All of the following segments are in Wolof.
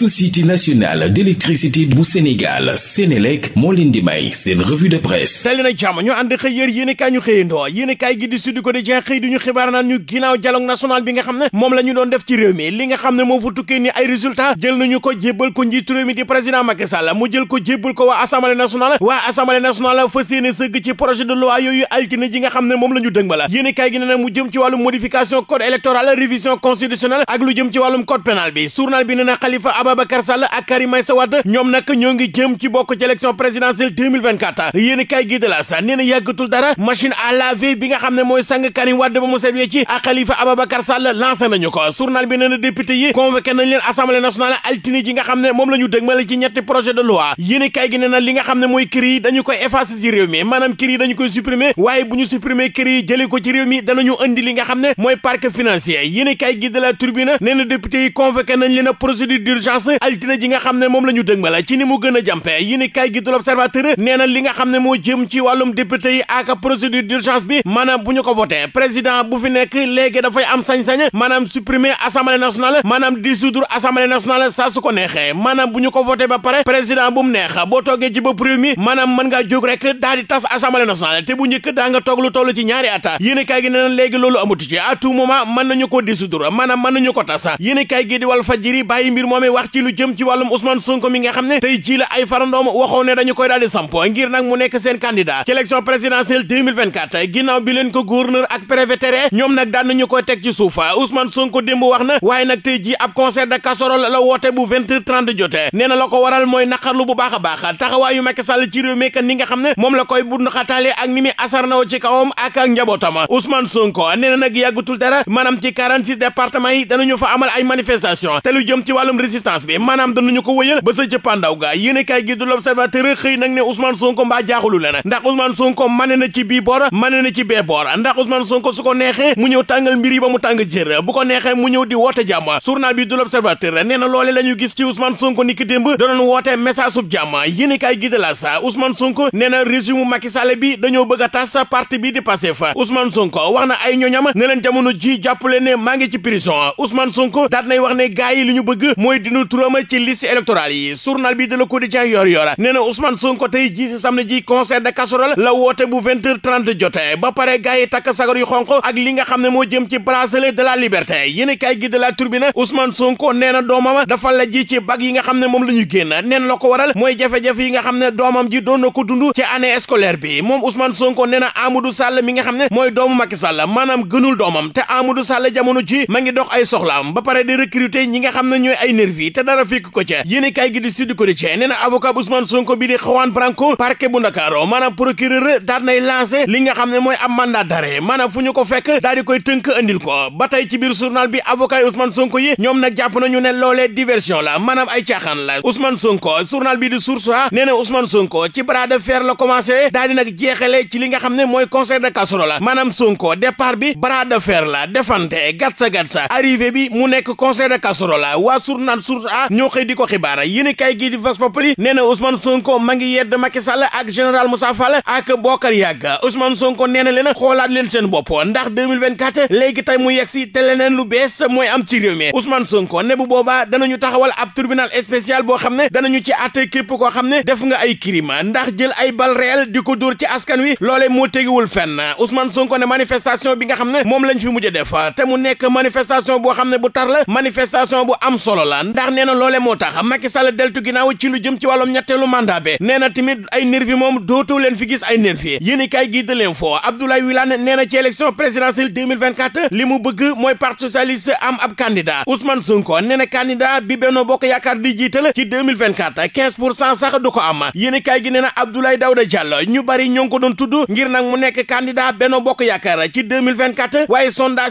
société nationale d'électricité bu Sénégal Sénélec moo leen di may seen revue de presse teli na jàmm ñu ànd xëy yér yéenekaay ñu xëyandoo yéenekaay gi di Sud Quotidien xëy duñu xibaar naan ñu ginnaaw dialogue national bi nga xam ne moom la ñu doon def ci réew mi li nga xam ne moo fa tukkee ni ay résultat jël nañu ko jébbal ko njiitu réew mi di président Macky Sall mu jël ko jébbal ko waa Assemblée nationale waa Assemblée nationale fas yéene sëgg ci projet Ababacar Sall ak Karim Meïssa ñoom nag ñoo ngi jëm ci bokk ci élection présidentielle 2024 yéen i kayi gi de la sa nee na yàggatul dara machine à laver bi nga xam ne mooy sang Karim Wade ba mu seet wee ci ak Khalifa Ababacar Sall lancé nañu ko journal bi nee député yi convoqué nañ leen assemblée nationale altine ji nga xam ne moom la ñu dëgmale ci projet de loi yéen i gi nee li nga xam ne mooy kër dañu koy effacer ci mi maanaam kër dañu koy France altine ji nga xam ne moom la ñu dëgmal ci ni mu gën a jàmpe yi ni kay gi du l'Observateur nee li nga xam ne moo jëm ci wàllum député yi ak procédure d'urgence bi maanaam bu ñu ko voté président bu fi nekk léegi dafay am sañ-sañ maanaam supprimer assemblée nationale maanaam dissoudre assemblée nationale saa su ko neexee maanaam bu ñu ko voté ba pare président bu mu boo toogee ci ba réew mi maanaam mën ngaa jóg rek daal di tas assemblée nationale te bu njëkk daa nga toog lu toll ci ñaari at yéen kay gi nee na léegi mën nañu ko dissoudre maanaam mën nañu ko tas yéen kay gi di Walf Fadjri bàyyi mbir moom wax ci lu jëm ci wàllum Ousmane Sonko mi nga xam ne tey jii la ay farandoom waxoon ne dañu koy daal di sampo ngir nag mu nekk seen candidat ci élection présidentielle 2024 ginnaaw bi leen ko gouverneur ak préfet tere ñoom nag daan nañu koy teg ci suufa Ousmane Sonko démb wax na waaye nag tey jii ab concert de casserole la woote bu 20h30 jotee nee na la ko waral mooy naqarlu bu baax a baax taxawaayu Macky Sall ci réew mi ni nga xam ne moom la koy bund xataale ak ni mi asarnaw ci kawam ak ak njabootam Ousmane Sonko na nag yàggutul dara maanaam ci 46 départements yi danañu fa amal ay manifestation te lu jëm ci wàllum résistance violence bi maanaam danañu ko wëyal ba sa ga yéene kaay gi du l'observateur xëy nag ne Ousmane Sonko mbaa jaaxulu le ndax Ousmane Sonko mane ci bii boor mane ci bee boor ndax Ousmane Sonko su ko neexee mu ñëw tàngal mbir ba mu tàng jër bu ko neexee mu ñëw di woote jàmm journal bi du l'observateur nee loole la gis ci Ousmane Sonko niki démb danoon woote message sub jàmm yéene kaay gi de la Sonko nee na régime bi dañoo bëgg a tas tudd ci liste électorale yi journal bi de Le Quotidien yor yor nee na Ousmane Sonko tey ji si samedi ji concert de casserole la woote bu vingt heures trente jotee ba takk sagar xonq ak li nga xam ne moo jëm ci bracelet de la liberté yéen kay gi de la Tribune Ousmane Sonko nee doomam dafa la ji ci bag yi nga xam ne doomam ji doon na ko ci année scolaire bi moom Ousmane Sonko nee na Amadou Sall mi nga xam ne mooy doomu ma ngi dox ay soxlaam ba yi te dara fekk ko ca yéen kaay gi Sud Quotidien nee na avocat bu Ousmane Sonko bi di Juan Branco parquet bu Ndakaaru maanaam procureur nay lancé li xam ne mooy am mandat d'arrêt fu ñu ko fekk daal koy tënk andil ko ba tey ci bi avocat yi Sonko yi ñoom nag jàpp nañu ne loolee diversion la maanaam ay caaxaan la Ousmane Sonko journal bi di Source A nee na Ousmane Sonko ci bras de fer la commencé daal di nag jeexale ci li xam ne mooy concert de casserole la la source a ñoo xëy di ko xibaara yéen kay gii di Vox Populi nee na Ousmane Sonko ma ngi yedd Macky Sall ak général Moussa ak Bokar Yàgg Ousmane Sonko nee na leen xoolaat leen seen bopp ndax 2024 léegi tey mu yegsi te leneen lu bees mooy am ci réew mi Ousmane Sonko ne bu boobaa danañu taxawal ab tribunal spécial boo xam ne danañu ci àtte képp koo xam ne def nga ay crime ndax jël ay bal réel di ko dóor ci askan wi loole moo tegiwul fenn Ousmane Sonko ne manifestation bi nga xam ne moom lañ fi mujj def te mu nekk manifestation boo xam ne bu tar la manifestation bu am solo la ndax nee na loole moo tax Macky Sall deltu ginnaaw ci lu jëm ci wàllum ñetteelu mandat bi nee na tamit ay nervi moom dootoo leen fi ay nervi yéen i kaay gii de l'info Abdoulaye Wilane ci élection présidentielle 2024 li mooy parti am ab candidat Ousmane Sonko nee na bi Benno Bokk Yaakaar di ci 2024 15 pour sax du ko am yéen i gi nee na Abdoulaye Daouda ñu bari ñoo ngi ko doon tudd ngir nag Bokk Yaakaar ci waaye sondage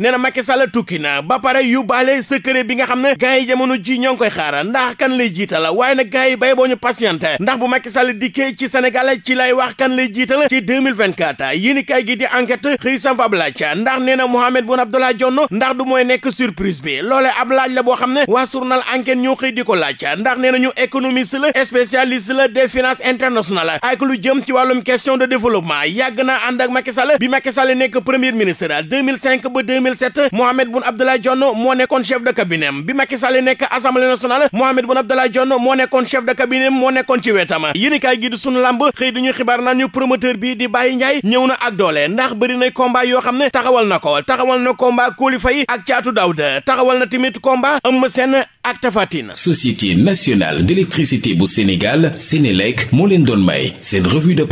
nee na a Sall tukki na ba pare yóbbaale bi nga xam ne gars yi jamono ji ñoo ngi koy xaar ndax kan lay jiital waaye na gars yi bay boo ñu ndax bu Macky Sall dikkee ci Sénégal ci lay wax kan lay jiital ci 2024 yéen i kaay gi di enquête xëy sampab laaj ndax nee na Mohamed Boun Abdallah ndax du mooy nekk surprise bi loolee ab laaj la boo xam ne waa journal enquête ñoo xëy di ko laaj ndax nee na ñu économiste la spécialiste la des finances internationales ak lu jëm de développement yàgg 2007 Mohamed Boun Abdallah Dionne moo nekkoon chef de cabinet am bi Macky Sall nekk assemblée nationale Mohamed Boun Abdallah Dionne moo nekkoon chef de cabinet am moo nekkoon ci wetam yéen i kaay gi di sunu lamb xëy duñu xibaar naan ñu promoteur bi di Baye Ndiaye ñëw na ak doole ndax bëri na combat yoo xam ne taxawal na ko taxawal na combat Coly Faye ak Thiatou Daouda taxawal na tamit combat Eumeu Sène ak Tapha Tine Société nationale d'électricité bu Sénégal Sénélec moo don doon may seen revue